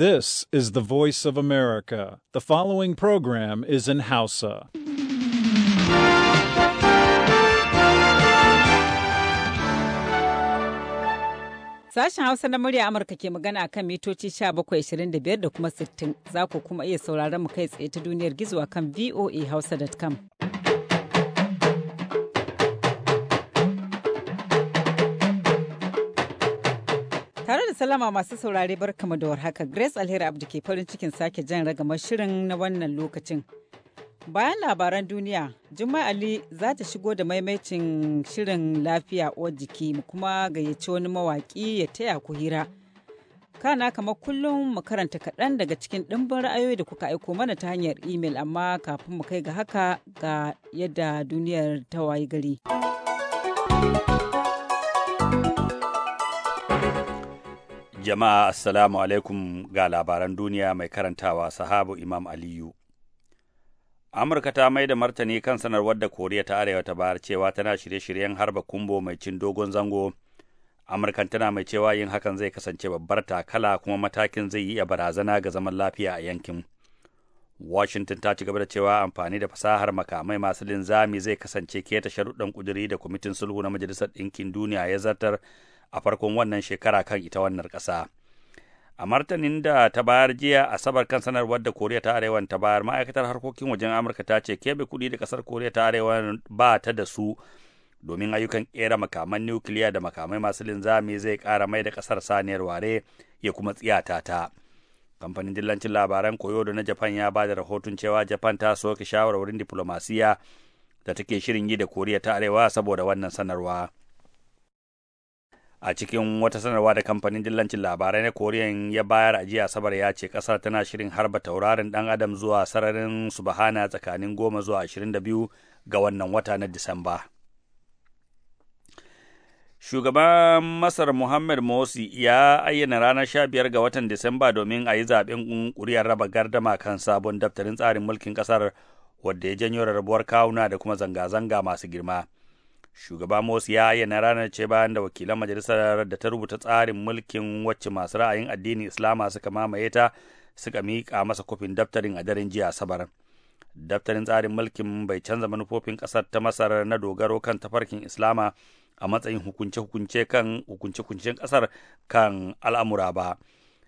This is the voice of America. The following program is in Hausa. Sashen Hausa na murya Amurka ke magana akan mitoci 1725 da kuma 60 za ku kuma iya sauraron mu kai tsaye ta duniyar gizo akan voahausa.com. Tare da salama masu saurare barkama da warhaka Grace Alheri Abdi ke farin cikin sake jan ragamar shirin na wannan lokacin. Bayan labaran duniya, juma'a Ali za ta shigo da maimaicin shirin lafiya uwar jiki mu kuma gayyaci wani mawaki ya taya ku hira. Kana kamar kullum mu karanta kaɗan daga cikin ɗimbin ra'ayoyi da kuka aiko mana ta hanyar imel amma kafin mu kai ga haka ga yadda duniyar ta wayi gari. Jama'a Assalamu alaikum ga labaran duniya mai karantawa sahabu Imam Aliyu. Amurka ta mai da martani kan sanarwar da Koriya ta Arewa ta bayar cewa tana shirye-shiryen harba kumbo mai cin dogon zango. Amurkan tana mai cewa yin hakan zai kasance babbar takala kuma matakin zai yi a barazana ga zaman lafiya a yankin. Washington ta ci gaba da cewa amfani da fasahar makamai masu linzami zai kasance keta sharuɗan ƙuduri da kwamitin sulhu na Majalisar Ɗinkin Duniya ya zartar a farkon wannan shekara kan ita wannan ƙasa. a martanin da ta bayar jiya asabar kan sanarwar da koriya ta arewan ta bayar ma'aikatar harkokin wajen amurka ta ce kebe kuɗi da kasar koriya ta arewa ba ta da su domin ayyukan kera makaman nukiliya da makamai masu linzami zai kara mai da kasar saniyar ware ya kuma tsiyata ta kamfanin dillancin labaran koyo da na japan ya ba da rahoton cewa japan ta soke shawarwarin diplomasiya da take shirin yi da koriya ta arewa saboda wannan sanarwa a cikin wata sanarwa da kamfanin dillancin labarai na koriyan ya bayar a jiya asabar ya ce kasar tana shirin harba taurarin dan adam zuwa sararin subhana tsakanin goma zuwa 22 ga wannan wata na disamba shugaban masar muhammad mosi ya ayyana ranar 15 ga watan disamba domin a yi zaben ƙuri'ar raba gardama kan sabon daftarin tsarin mulkin kasar wadda ya janyo rarrabuwar kawuna da kuma zanga-zanga masu girma. shugaba Morsi ya ayyana ranar ce bayan da wakilan majalisar da ta rubuta tsarin mulkin wacce masu ra'ayin addinin Islama suka mamaye ta suka miƙa masa kofin daftarin a daren jiya Asabar. Daftarin tsarin mulkin bai canza manufofin ƙasar ta Masar na dogaro kan tafarkin Islama a matsayin hukunce-hukunce kan hukunce-hukuncen ƙasar kan al'amura ba.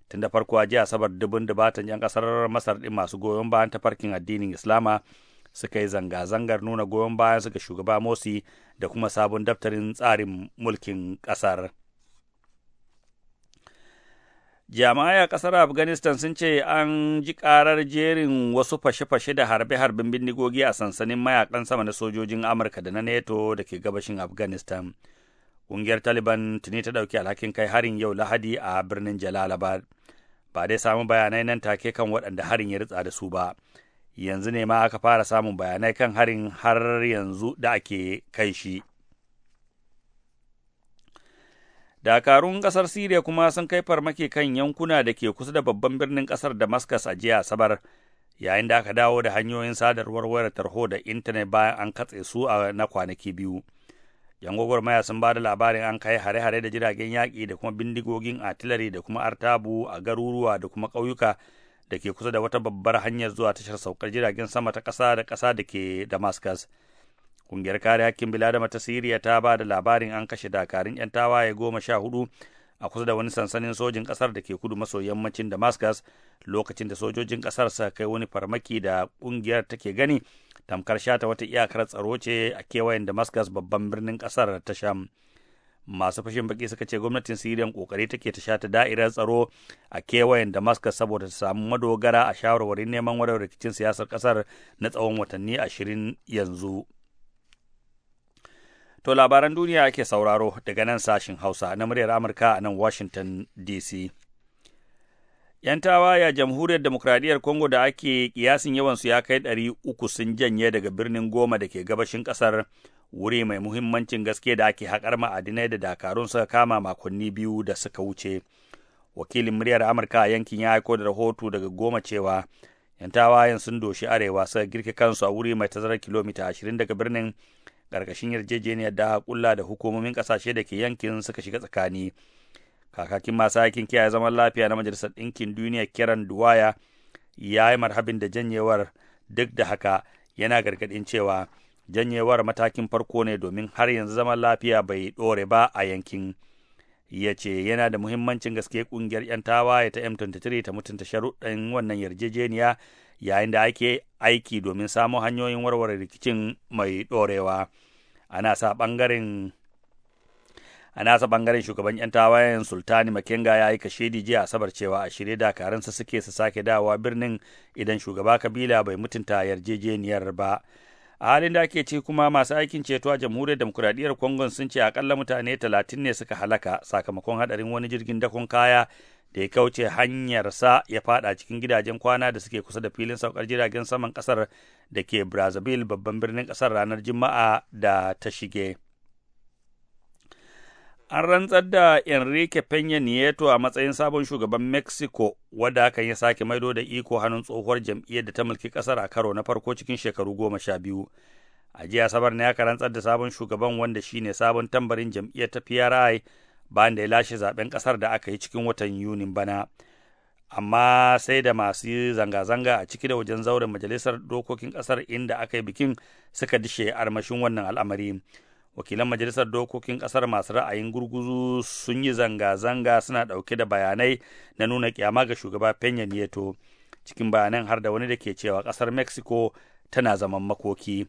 Tun da farko a jiya Asabar dubun dubatan 'yan ƙasar Masar ɗin masu goyon bayan tafarkin addinin Islama suka yi zanga-zangar nuna goyon baya ga shugaba mosi da kuma sabon daftarin tsarin mulkin ƙasar. jami'ai a ƙasar afghanistan sun ce an ji karar jerin wasu fashe-fashe da harbe-harben bindigogi a sansanin mayakan sama na sojojin amurka da na neto da ke gabashin afghanistan ƙungiyar taliban tuni ta ɗauki alhakin kai harin yau lahadi a birnin jalalabad ba dai samu bayanai nan take kan waɗanda harin ya ritsa da su ba yanzu ne ma aka fara samun bayanai kan harin har yanzu da ake kai shi. Dakarun ƙasar Siriya kuma sun kai farmaki kan yankuna da ke kusa da babban birnin ƙasar Damascus a jiya Asabar, yayin da aka dawo da hanyoyin sadarwar wayar tarho da intanet bayan an katse su a na kwanaki biyu. Yan gwagwarmaya sun ba da labarin an kai hare-hare da jiragen yaƙi da kuma bindigogin artillery da kuma artabu a garuruwa da kuma ƙauyuka da ke kusa da wata babbar hanyar zuwa tashar saukar jiragen sama ta ƙasa da ƙasa da ke Damascus. ƙungiyar kare hakkin biladama ta Siriya ta ba da labarin an kashe dakarun 'yan tawaye goma sha hudu a kusa da wani sansanin sojin ƙasar da ke kudu maso yammacin Damascus lokacin da sojojin ƙasar suka kai wani farmaki da ƙungiyar take gani tamkar shata wata iyakar tsaro ce a kewayen Damascus babban birnin ƙasar ta Sham. masu fashin baki suka ce gwamnatin siriyan kokari take ta shata da'irar tsaro a kewayen damascus saboda ta samu madogara a shawarwarin neman wadar rikicin siyasar kasar na tsawon watanni ashirin yanzu to labaran duniya ake sauraro daga nan sashin hausa na muryar amurka a nan washington dc 'yan tawaya jamhuriyar demokradiyyar congo da ake kiyasin yawansu ya kai ɗari uku sun janye daga birnin goma da ke gabashin ƙasar wuri mai muhimmancin gaske da ake haƙar ma'adinai da dakarun suka kama makonni biyu da suka wuce wakilin muryar amurka a yankin ya aiko da rahoto daga goma cewa yan tawayen sun doshi arewa suka girke kansu a wuri mai tazarar kilomita ashirin daga birnin ƙarƙashin yarjejeniyar da kulla da hukumomin ƙasashe da ke yankin suka shiga tsakani kakakin masu aikin kiyaye zaman lafiya na majalisar ɗinkin duniya kiran duwaya ya yi marhabin da janyewar duk da haka yana gargaɗin cewa janyewar matakin farko ne domin har yanzu zaman lafiya bai ɗore ba a yankin ya ce yana da muhimmancin gaske ƙungiyar 'yan tawaye ta m23 ta mutunta sharuɗin wannan yarjejeniya yayin da ake aiki domin samo hanyoyin warware rikicin mai ɗorewa ana sa ɓangaren a nasa ɓangaren shugaban 'yan tawayen sultani makenga ya yi kashedi jiya asabar cewa a shirye dakaransa suke su sake dawowa birnin idan shugaba kabila bai mutunta yarjejeniyar ba a halin da ake ci kuma masu aikin ceto a jamhuriyar demokuraɗiyyar kongon sun ce akalla mutane talatin ne suka halaka sakamakon hadarin wani jirgin dakon kaya da ya kauce hanyarsa ya fada cikin gidajen kwana da suke kusa da filin saukar jiragen saman kasar da ke brazzaville babban birnin kasar ranar juma'a da ta shige an rantsar da Enrique Peña Nieto a matsayin sabon shugaban Mexico wadda hakan ya sake maido da iko hannun tsohuwar jam'iyyar da ta mulki kasar a karo na farko cikin shekaru goma sha biyu. A jiya sabar ne aka rantsar da sabon shugaban wanda shine sabon tambarin jam'iyyar ta PRI bayan da ya lashe zaben kasar da aka yi cikin watan Yunin bana. Amma sai da masu zanga-zanga a ciki da wajen zauren majalisar dokokin kasar inda aka yi bikin suka dishe armashin wannan al'amari. wakilan majalisar dokokin kasar masu ra'ayin gurguzu sun yi zanga-zanga suna ɗauke da bayanai na nuna kyama ga shugaba penya Nieto cikin bayanan har da wani da ke cewa kasar Mexico tana zaman makoki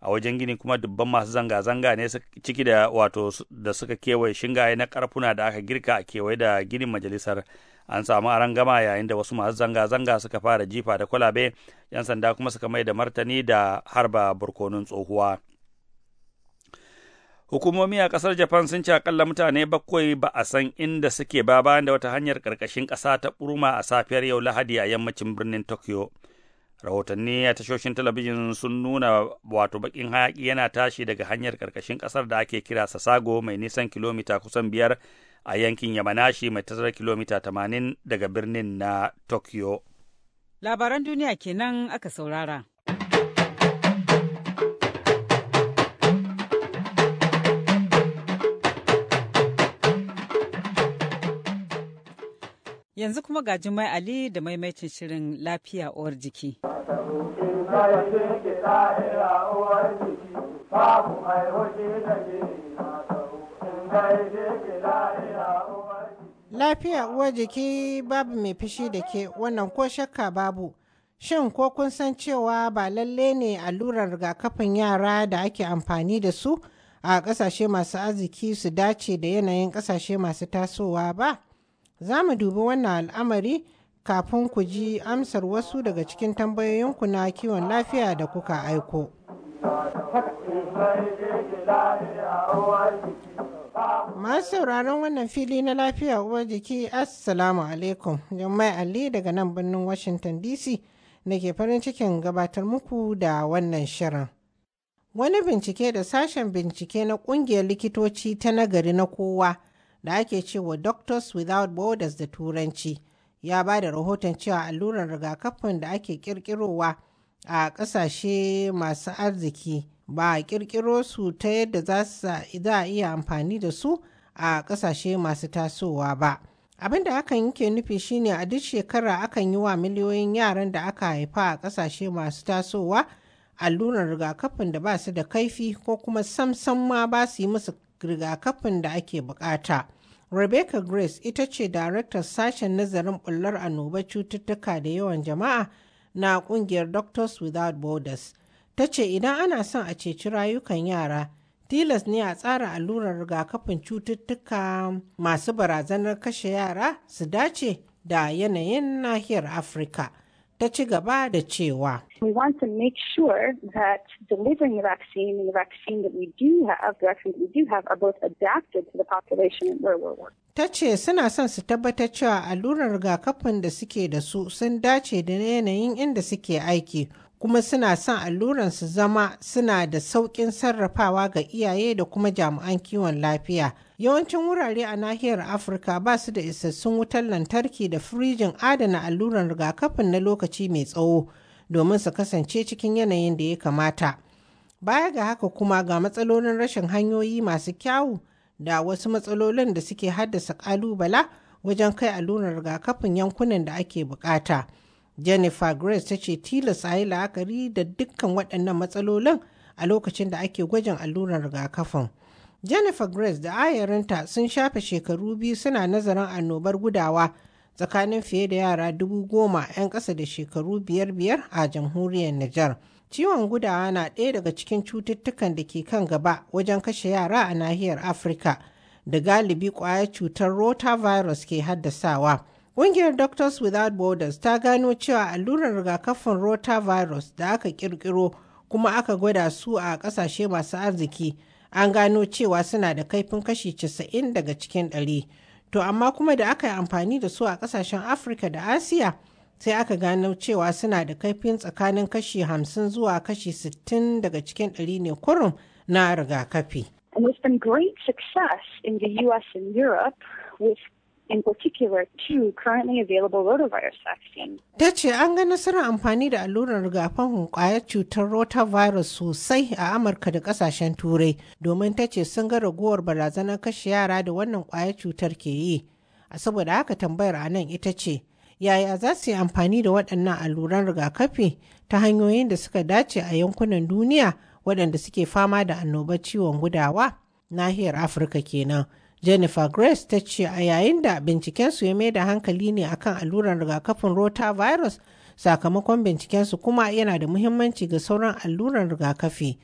a wajen gini kuma dubban masu zanga-zanga ne ciki da wato da suka kewaye shingaye na karfuna da aka girka a kewaye da ginin majalisar an samu gama yayin da wasu masu zanga-zanga suka fara jifa da kwalabe yan sanda kuma suka mai da martani da harba burkonin tsohuwa Hukumomi a ƙasar Japan sun ce akalla mutane bakwai ba a san inda suke ba bayan da wata hanyar ƙarƙashin ƙasa ta ɓurma a safiyar yau Lahadi a yammacin birnin Tokyo. Rahotanni a tashoshin talabijin sun nuna wato bakin hayaƙi yana tashi daga hanyar ƙarƙashin ƙasar da ake kira Sasago mai nisan kilomita kusan biyar a yankin Yamanashi mai tazarar kilomita tamanin daga birnin na Tokyo. Labaran duniya kenan aka saurara. Yanzu kuma ga Jumai Ali da maimaitin shirin lafiya uwar jiki. Lafiya uwar jiki babu mai fushi da ke wannan ko shakka babu. Shin ko kun san cewa ba lalle ne allurar rigakafin yara da ake amfani da su a ƙasashe masu arziki su dace da yanayin ƙasashe masu tasowa ba? Za mu dubi wannan al'amari kafin ku ji amsar wasu daga cikin tambayoyinku na kiwon lafiya da kuka aiko. Masu sauraron wannan fili na lafiya uwar jiki Assalamu alaikum, Jummai Ali daga nan birnin Washington DC na ke farin cikin gabatar muku da wannan shirin. Wani bincike da sashen bincike na ƙungiyar likitoci ta nagari na kowa da ake cewa Doctors Without Borders da Turanci ya ba da rahoton cewa allurar rigakafin da ake kirkirowa a ƙasashe masu arziki ba a kirkiro su ta yadda za a iya amfani da su a ƙasashe masu tasowa ba. Abin da hakan yake nufi shine a duk shekara akan yi wa miliyoyin yaran da aka haifa a ƙasashe masu tasowa allurar rigakafin da ba su da kaifi ko kuma samsam ma ba su yi musu rigakafin da ake bukata. Rebecca Grace ita ce daraktar sashen nazarin bullar annoba cututtuka da yawan jama'a na kungiyar Doctors Without Borders. Ta ce idan ana son a ceci rayukan yara, tilas ne a tsara allurar rigakafin cututtuka masu barazanar kashe yara su dace da yanayin nahiyar Afirka. ta ci gaba da cewa. We want to make sure that delivering the vaccine and the vaccine that we do have, the vaccines we do have are both adapted to the population where we're working. Ta ce suna son su tabbatar cewa allurar rigakafin da suke da su sun dace da yanayin inda suke aiki kuma suna son alluran su zama suna da sauƙin sarrafawa ga iyaye da kuma jami'an kiwon lafiya. Yawancin wurare a nahiyar Afirka ba su da isassun wutar lantarki da firijin adana alluran rigakafin na lokaci mai tsawo domin su kasance cikin yanayin da ya kamata. Baya ga haka kuma ga matsalolin rashin hanyoyi masu kyawu da wasu matsalolin da suke haddasa ƙalubala wajen kai alluran rigakafin yankunan da ake bukata. jennifer grace ta ce tilas a yi la'akari da dukkan waɗannan matsalolin a lokacin da ake gwajin allurar rigakafin jennifer grace da ayarinta sun shafe shekaru biyu suna nazarin annobar gudawa tsakanin fiye da yara dubu goma 'yan ƙasa da shekaru biyar biyar a jamhuriyar niger ciwon gudawa na ɗaya daga cikin cututtukan da ke kan gaba wajen kashe yara a nahiyar afirka da galibi ƙwayar cutar rotavirus ke haddasawa. Ƙungiyar Doctors Without Borders ta gano cewa allurar rigakafin rota virus da aka ƙirƙiro kuma aka gwada su a ƙasashe masu arziki an gano cewa suna da kaifin kashi 90 daga cikin ɗari. To amma kuma da aka yi amfani da su a ƙasashen Afirka da Asiya sai aka gano cewa suna da kaifin tsakanin kashi 50 zuwa kashi 60 daga cikin ɗari ne kurum na rigakafi. And there's been great success in the US and Europe with in particular two currently available rotavirus vaccines. Ta ce an ga nasarar amfani da allurar rigakafin kwayar cutar rotavirus sosai a Amurka da kasashen Turai domin ta ce sun ga ragowar barazanar kashe yara da wannan kwayar cutar ke yi. A saboda haka tambayar a nan ita ce, yaya za su yi amfani da waɗannan alluran rigakafi ta hanyoyin da suka dace a yankunan duniya waɗanda suke fama da annobar ciwon gudawa? Nahiyar Afirka kenan. jennifer grace ta ce a yayin da bincikensu ya mai da hankali ne akan alluran rigakafin rotavirus sakamakon bincikensu kuma yana da muhimmanci ga sauran alluran rigakafi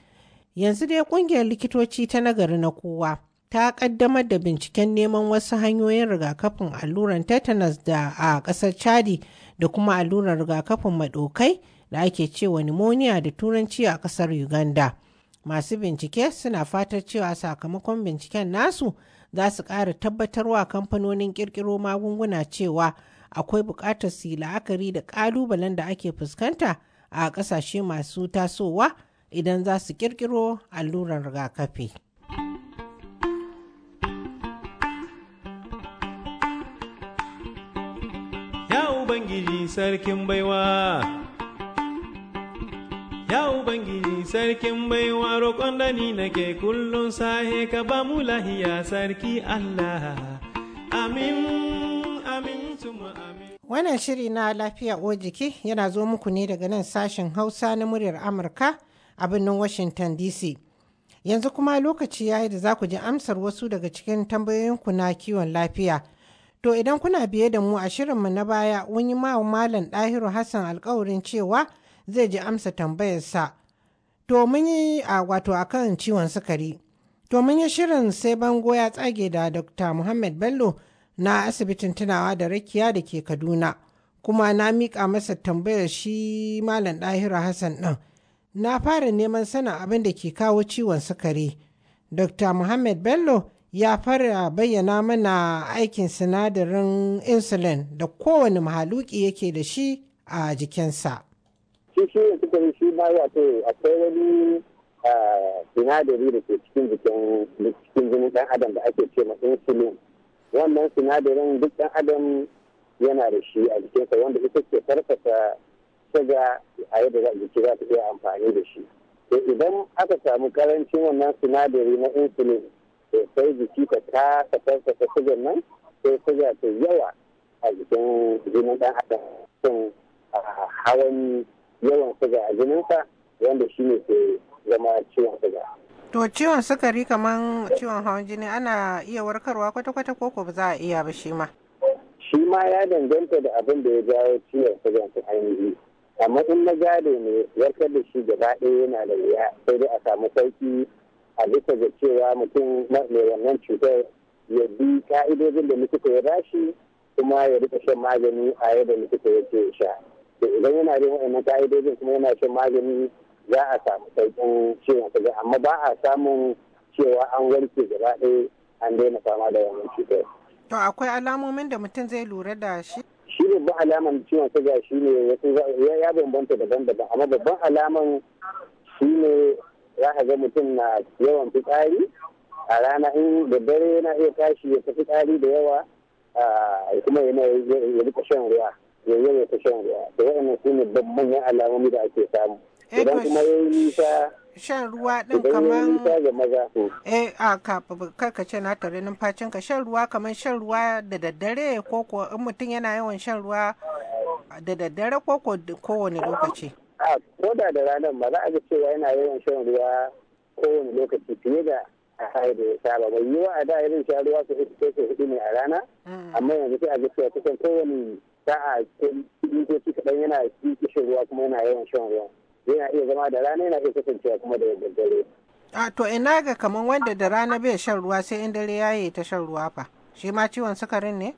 yanzu dai kungiyar likitoci ta nagari na kowa ta kaddamar da binciken neman wasu hanyoyin rigakafin alluran tetanus da a ƙasar chadi da kuma alluran rigakafin maɗokai da ake cewa pneumonia da turanci a ƙasar uganda masu bincike suna fatar cewa sakamakon binciken nasu za su ƙara tabbatarwa kamfanonin ƙirƙiro magunguna cewa akwai buƙatar su yi la'akari da ƙalubalen da ake fuskanta a ƙasashe masu tasowa idan za su ƙirƙiro allurar rigakafi. Ya Ubangiji Sarkin Baiwa. Ya Ubangiji sarkin baiwa roƙon da ni nake kullum sahe ka ba mu lahiya sarki Allah. Amin, amin, tuma amin. Wannan shiri na lafiya uwar jiki yana zo muku ne daga nan sashen Hausa na muryar Amurka a birnin Washington DC. Yanzu kuma lokaci ya yi da za ku ji amsar wasu daga cikin tambayoyinku na kiwon lafiya. To idan kuna biye da mu a shirinmu na baya, wani ma Malam Ɗahiru Hassan alkawarin cewa zai ji amsa tambayarsa to mun yi a wato akan ciwon sukari to mun yi shirin sai bango ya tsage da dr muhammad bello na asibitin tunawa da rakiya da ke kaduna kuma na miƙa masa tambayar shi malam ɗahira hassan ɗin na fara neman sanin abin da ke kawo ciwon sukari dr muhammad bello ya fara bayyana mana aikin sinadarin insulin da kowane mahaluki yake da shi a jikinsa. shi shi suka yi shi ma wato akwai wani sinadari da ke cikin jikin cikin jinin dan adam da ake ce ma insulin wannan sinadarin duk dan adam yana da shi a jikinsa wanda ita ke farfasa suga a yadda za jiki za ta iya amfani da shi to idan aka samu karancin wannan sinadari na insulin to sai jiki ta kasa farfasa sugan nan sai suga ta yawa a jikin jinin dan adam sun hawan yawan suga a jininsa wanda shi ne ke zama ciwon suga. To ciwon sukari kamar ciwon hawan jini ana iya warkarwa kwata-kwata ko ko ba za a iya ba shi ma? Shi ma ya danganta da abin da ya jawo ciwon suga ta ainihi. Amma in na gado ne warkar da shi gaba ɗaya yana da wuya sai dai a samu sauki a bisa ga cewa mutum mai wannan cutar ya bi ka'idojin da likita ya bashi kuma ya rika shan magani a yadda likita ya ce ya sha. to idan yana bin wa'annan ka'idojin kuma yana shan magani za a samu sauƙin ciwon kaza amma ba a samun cewa an warke gaba ɗaya an daina fama da wannan cutar. To akwai alamomin da mutum zai lura da shi? Shi babban alaman ciwon kaza shi ne ya bambanta daban-daban amma babban alaman shi ne za ka ga mutum na yawan fitsari a rana in da dare yana iya tashi ya tafi tsari da yawa kuma yana rika shan ruwa ya ta shan ruwa da waɗannan su ne ya alamomi da ake samu eh, idan kuma ya yi nisa shan ruwa din kamar eh a karka ce na tare numfacin ka shan ruwa kamar shan ruwa da daddare ko ko in mutum yana yawan shan ruwa da daddare ko ko kowane lokaci a ko da da ranar ba za a ga cewa yana yawan shan ruwa kowane lokaci fiye da a kai da ya saba bai yiwa a da irin shan ruwa su hudu ne a rana mm. amma yanzu sai a ga cewa kusan kowane za a ko mintoci kaɗan yana kishin ruwa kuma yana yawan shan ruwa yana iya zama da rana yana iya kasancewa kuma da dare. a to ina ga kamar wanda da rana bai shan ruwa sai in dare ya yi ta shan ruwa fa shi ma ciwon sukarin ne.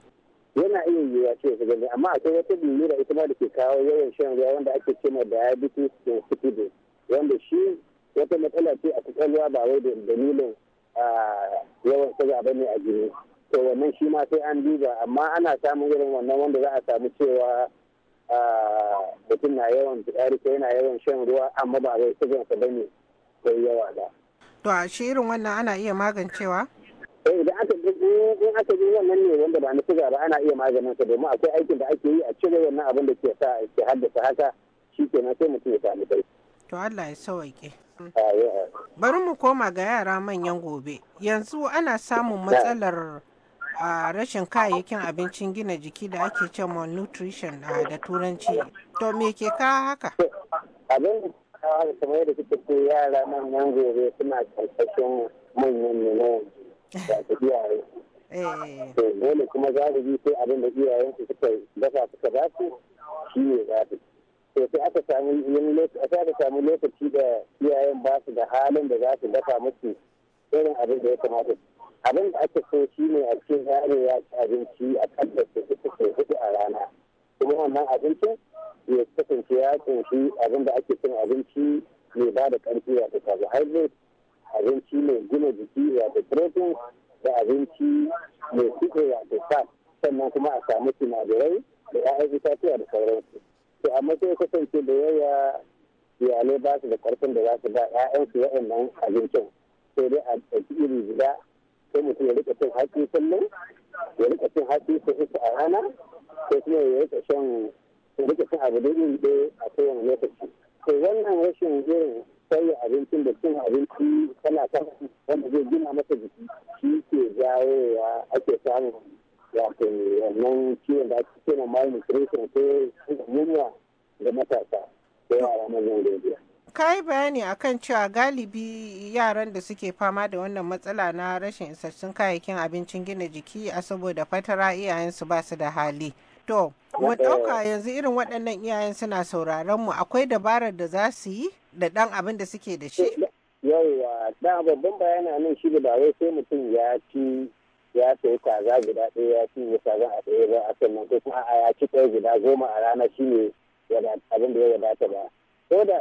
yana iya yiwa ce su gani amma akwai wata lura ita ma da ke kawo yawan shan ruwa wanda ake ce ma diabetes insipidus wanda shi wata matsala ce a kwakwalwa ba wai da dalilin ah, yawan suga ne a jini to wannan shi ma sai an duba amma ana samun irin wannan wanda za a samu cewa mutum na yawan fitsari ko yana yawan shan ruwa amma ba zai sigan sa bane ko yawa ba to a shi irin wannan ana iya magancewa eh idan aka in aka yi wannan ne wanda ba na siga ba ana iya maganin sa domin akwai aikin da ake yi a cire wannan abin da ke sa ke haddasa haka shi kenan sai mutum ya samu dai to Allah ya sauke bari mu koma ga yara manyan gobe yanzu ana samun matsalar a rashin kayayyakin abincin gina jiki da ake ce malnutrition da turanci to me ke kawo haka abin da kawo kamar yadda kika ce yara nan nan gobe suna karkashin manyan ne na yanzu da iyaye eh. to dole kuma galibi sai abin da iyayensu suka dafa suka ba su shi ne su to sai aka samu aka samu lokaci da iyayen ba su da halin da za su dafa musu irin abin da ya kamata su abin da ake so shi ne a cikin yare ya ci abinci a kallar da suka sau hudu a rana kuma wannan abincin ya kasance ya kunshi abin da ake cin abinci mai ba da ƙarfi wato carbohydrate abinci mai gina jiki wato protein da abinci mai suke wato fat sannan kuma a samu sinadarai da ya'yan itatuwa da sauransu to amma sai kasance da yaya iyalai ba su da ƙarfin da za su ba 'ya'yansu waɗannan abincin sai dai a ɗauki iri guda sai mutum ya rika cin hatsi kullum ya rika cin hatsi su uku a rana sai kuma ya rika shan ya rika cin abu da yin ɗaya a kowane lokaci to wannan rashin irin sauya abincin da cin abinci kala kala wanda zai gina masa jiki shi ke jawo ya ake samun wato wannan ciwon da ake cewa malnutrition ko yunwa da matasa ko yara manyan gobe. ka yi bayani akan cewa galibi yaran da suke fama da wannan matsala na rashin isassun kayayyakin abincin gina jiki a saboda fatara iyayensu ba su da hali to mu ɗauka yanzu irin waɗannan iyayen suna sauraron mu akwai dabarar da za su yi da ɗan abin da suke da shi yawwa da babban bayana nan shi da ba wai sai mutum ya ci ya sayi kaza guda ɗaya ya ci ya kaza a ɗaya ba a sannan ko kuma a ya ci ɗaya guda goma a rana shine abin da ya wadata ba ko da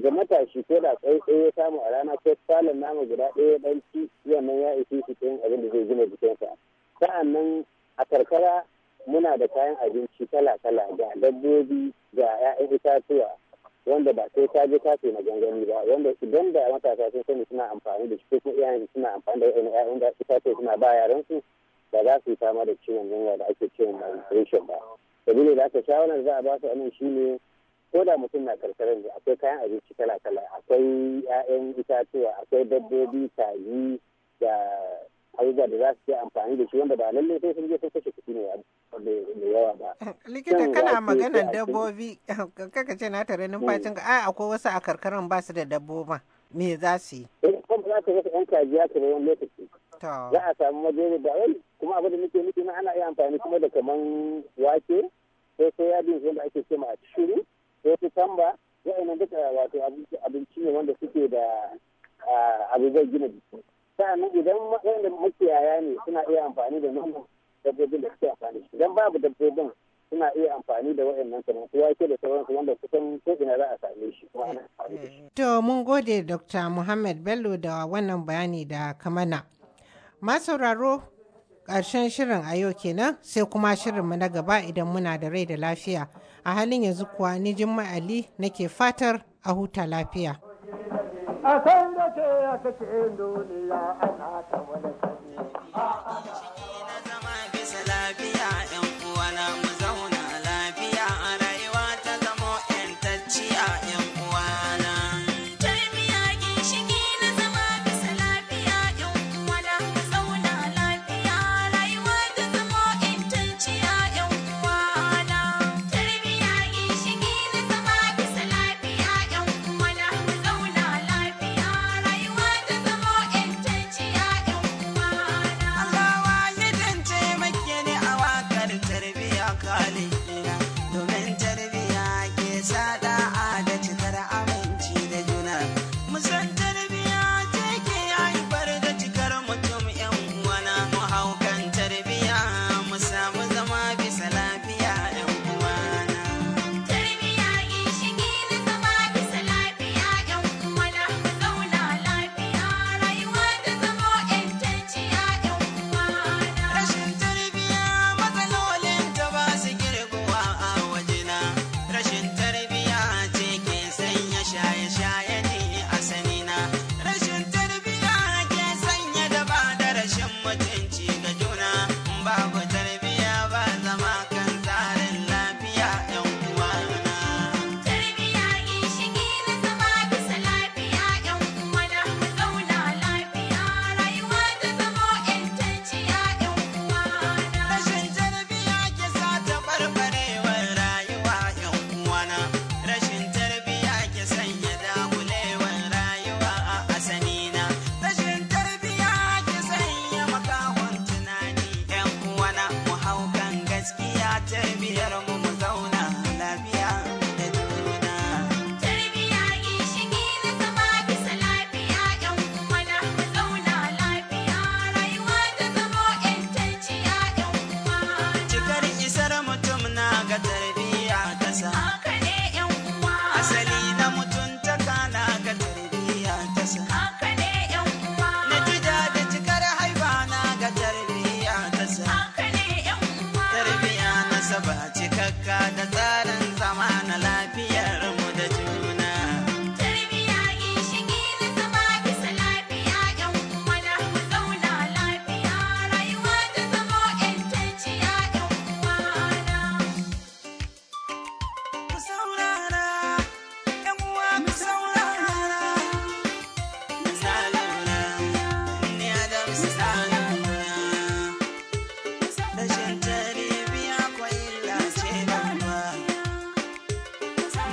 ga matashi ko da tsaye ya samu a rana ko salon nama guda ɗaya dan ci nan ya isi su cikin abin da zai gina jikinsa sa'annan a karkara muna da kayan abinci kala-kala ga dabbobi ga 'ya'yan itatuwa wanda ba sai ka je ka sai na gangami ba wanda idan da matasa sun sani suna amfani da shi ko iyayen suna amfani da 'ya'yan da suka ce suna ba yaran su ba za su yi fama da ciwon jinya da ake ciwon malnutrition ba sabili da aka shawarar za a ba su anan ne. ko da mutum na karkarar ne akwai kayan abinci kala kala akwai 'ya'yan itatuwa akwai dabbobi kaji da abubuwa da za su yi amfani da shi wanda ba lalle sai sun je sun kashe kuɗi ne da yawa ba. Ah, likita kana maganar dabbobi kaka ce na tare numfashin ka hmm. ai akwai wasu a karkaran ba su da dabbobi me za su yi. Eh, kuma za ka rasa 'yan ya ka wani lokaci. Za a samu majere da wani kuma abu da nake nufi na ana iya amfani kuma da kaman wake ko sai yadin wanda ake ce ma a shuru. ko cucumber wa'annan duka wato abinci ne wanda suke da abu gina jiki sa'annan idan wa'anda makiyaya ne suna iya amfani da nonon dabbobin da suke amfani idan babu dabbobin suna iya amfani da wa'annan kamar su wake da sauransu wanda kusan ko ina za a same shi To mun gode Dr. Muhammad Bello da wannan bayani da kamana. Ma sauraro ƙarshen shirin a yau kenan sai kuma shirin mu na gaba idan muna da rai da lafiya. a halin yanzu kuwa ni Jummai Ali nake fatar a huta lafiya. A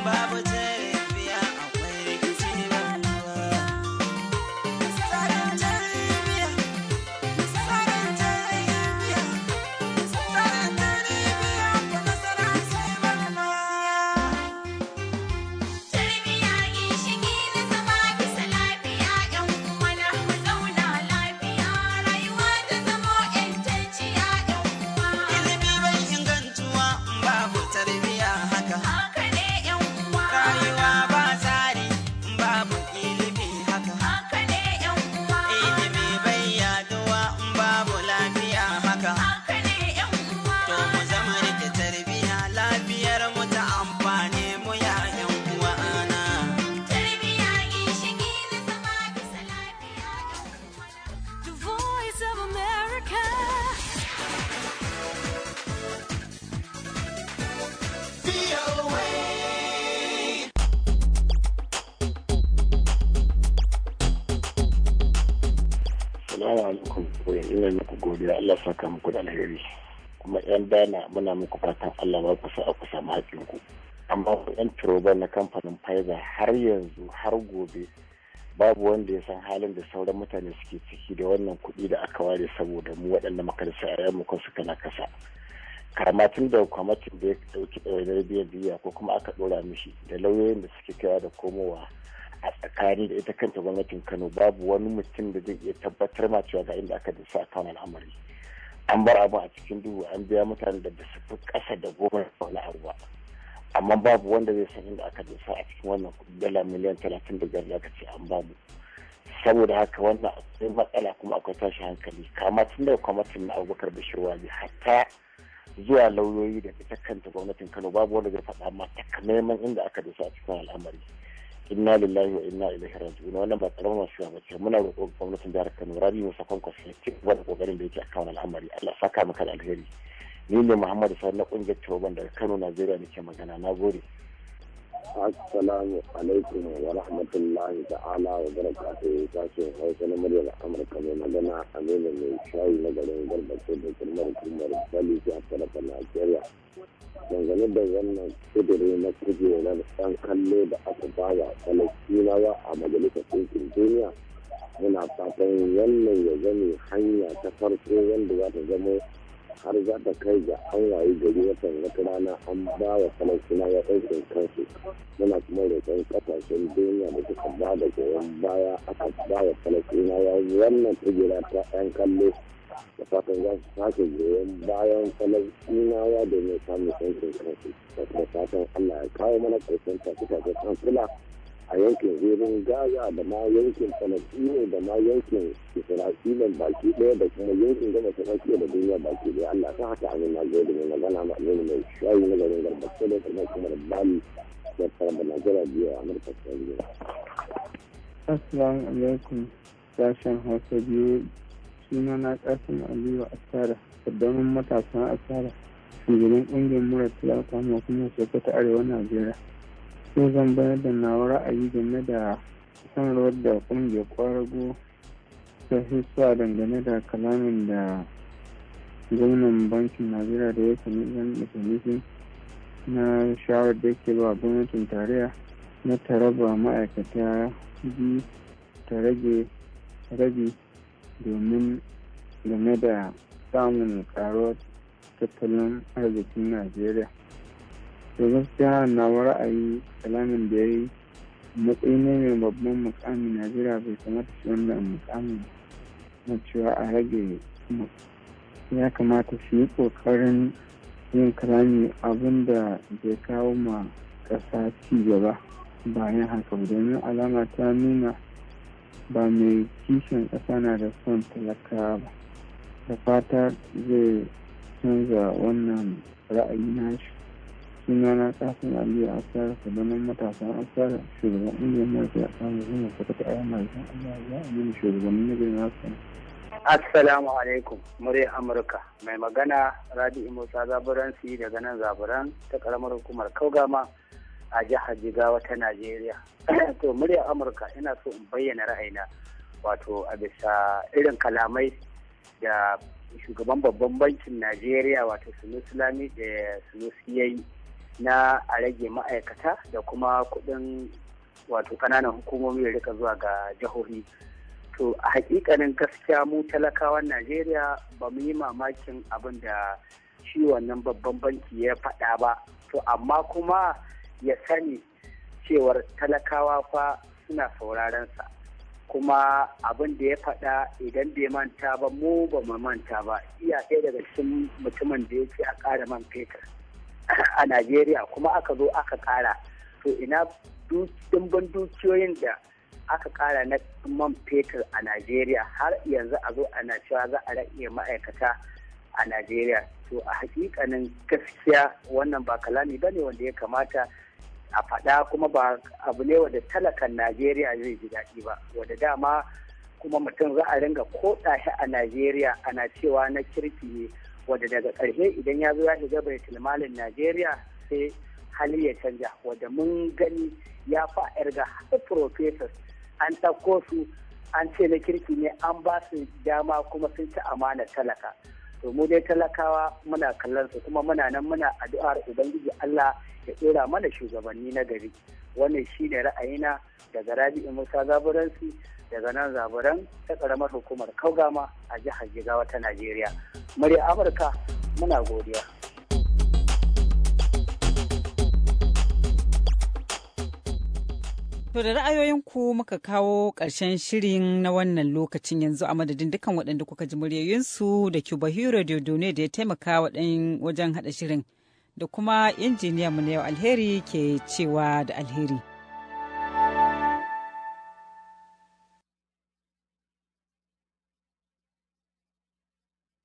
Bible Assalamu alaikum kuma ina muku godiya Allah saka muku da alheri kuma yan dana muna muku fatan Allah ba ku sa a ku samu ku amma yan turoba na kamfanin Pfizer har yanzu har gobe babu wanda ya san halin da sauran mutane suke ciki da wannan kuɗi da aka ware saboda mu waɗanda makarsa a yammu kan suka na kasa karmatin da kwamatin da ya ɗauki ɗaurar biyar biya ko kuma aka ɗora mishi da lauyoyin da suke kaiwa da komowa a tsakanin da ita kanta gwamnatin kano babu wani mutum da zai iya tabbatar ma cewa ga inda aka dinsa a kan al'amari an bar abu a cikin duhu an biya mutane da su fi ƙasa da goma wani abu ba amma babu wanda zai san inda aka dinsa a cikin wannan dala miliyan talatin da biyar aka ce an babu saboda haka wannan akwai matsala kuma akwai tashi hankali kama tun daga kwamatin na abubakar bashir waje hatta zuwa lauyoyi da ita kanta gwamnatin kano babu wanda zai faɗa ma takamaiman inda aka dinsa a cikin al'amari inna lillahi wa inna ilaihi raji'un wannan ba tsaron masu yawa ce muna roƙo gwamnatin jihar Kano Rabi Musa Kwankwas ya ci gaba da kokarin da yake a kan al'amari Allah saka maka da alheri ni ne Muhammadu Sani na kungiyar Tiroban daga Kano Najeriya nake magana na gode Assalamu alaikum wa rahmatullahi ta'ala wa barakatuhu sashen hausa na muryar Amurka mai magana Aminu mai shayi na garin garbace da kirmar kirmar Bali ta tarafa Najeriya. Dangane da wannan kudure na kujerar ɗan kallo da aka bawa Falastinawa a majalisar ɗinkin duniya muna fatan wannan ya zame hanya ta farko wanda za ta zama har za ta kai ga an waye gari watan wata rana an ba wa falastina ya ɗaukin kansu muna kuma roƙon ƙasashen duniya da suka ba da goyon baya aka ba wa falastina ya wannan kujera ta 'yan kallo da fatan za su sake goyon bayan falasɗinawa domin samun yankin kansu da kuma fatan allah ya kawo mana ƙarshen tafi-tafi kan a yankin zirin gaza da ma yankin falastino da ma yankin isra'ilan baki daya da kuma yankin gama ta da duniya baki daya allah ta haka amin na zai da magana ma ne mai shayi na garin garbace da kuma kuma da bali da fara da najera biyu a amurka ta yi assalamu alaikum sashen hausa biyu suna na kasim aliyu asara sabbin matasan tsara shugaban ƙungiyar mura talata ma kuma ta arewa najeriya so zan bayar da nawa ra'ayi game da sanarwar da ƙungiyar kwarago ta hissa dangane da kalamin da gwamnan bankin najeriya da ya sami yan da na shawar da yake ba gwamnatin tarayya na taraba ma'aikata biyu ta rage rabi domin game da samun karuwar tattalin arzikin najeriya da gaskiya na ra'ayi kalamin da ya yi matsayi ne mai babban mukamin najeriya bai kamata shi wannan mukamin na cewa a rage ya kamata su yi ƙoƙarin yin kalami abinda da kawo ma ƙasa ci gaba bayan haka domin alama ta nuna ba mai kishin ƙasa na da son talakawa ba da fata zai canza wannan ra'ayi nashi na tsafin aliyu asara shugaban matasan asara shugaban na fiye a samun zuwa suka ta yamma mafi allah ya amini shugaban nigin asara assalamu alaikum murya amurka mai magana rabi'u musa zaburansi daga nan zaburan ta karamar hukumar kaugama a jihar jigawa ta najeriya to murya amurka ina so in bayyana ra'ayina wato a bisa irin kalamai da shugaban babban bankin najeriya wato sulami da eh, sunu siyayi na a rage ma'aikata da kuma kuɗin wato ƙananan hukumomi da rika zuwa ga jihohi to a hakikanin gaskiya mu talakawan najeriya ba mu yi mamakin abin da shi wannan babban banki ya faɗa ba to amma kuma ya sani cewar talakawa fa suna sa kuma abin da ya faɗa idan bai manta ba mu ba mu manta ba iya ɗaya daga cikin mutumin da yake a ƙara man fetur a najeriya kuma aka zo aka kara to ina dimban dukiyoyin da aka kara na man fetur a najeriya har yanzu a zo ana cewa za a rage ma'aikata a najeriya to a hakikanin gaskiya wannan ba kalami ba ne wanda ya kamata a faɗa kuma ba abu ne wanda talakan najeriya zai ji daɗi ba wanda dama kuma mutum za a ringa koɗa shi a najeriya ana cewa na kirki ne wadda daga ƙarshe idan ya zo ya shiga baitul malin najeriya sai hali ya canja wadda mun gani ya fa ga haɗa professors an ɗauko su an ce na kirki ne an ba su dama kuma sun ci amana talaka to mu dai talakawa muna kallon su kuma muna nan muna addu'ar ubangiji Allah ya ɗora mana shugabanni na gari wannan shine ra'ayina daga Rabi'u Musa Zaburansi daga nan zaburan ta karamar hukumar kaugama a jihar jigawa ta najeriya murya amurka muna godiya To da ra'ayoyin ku muka kawo ƙarshen shirin na wannan lokacin yanzu a madadin dukkan waɗanda kuka ji muryoyinsu da Cuba Hero da ya taimaka wajen haɗa shirin da kuma injiniya mu na yau alheri ke cewa da alheri.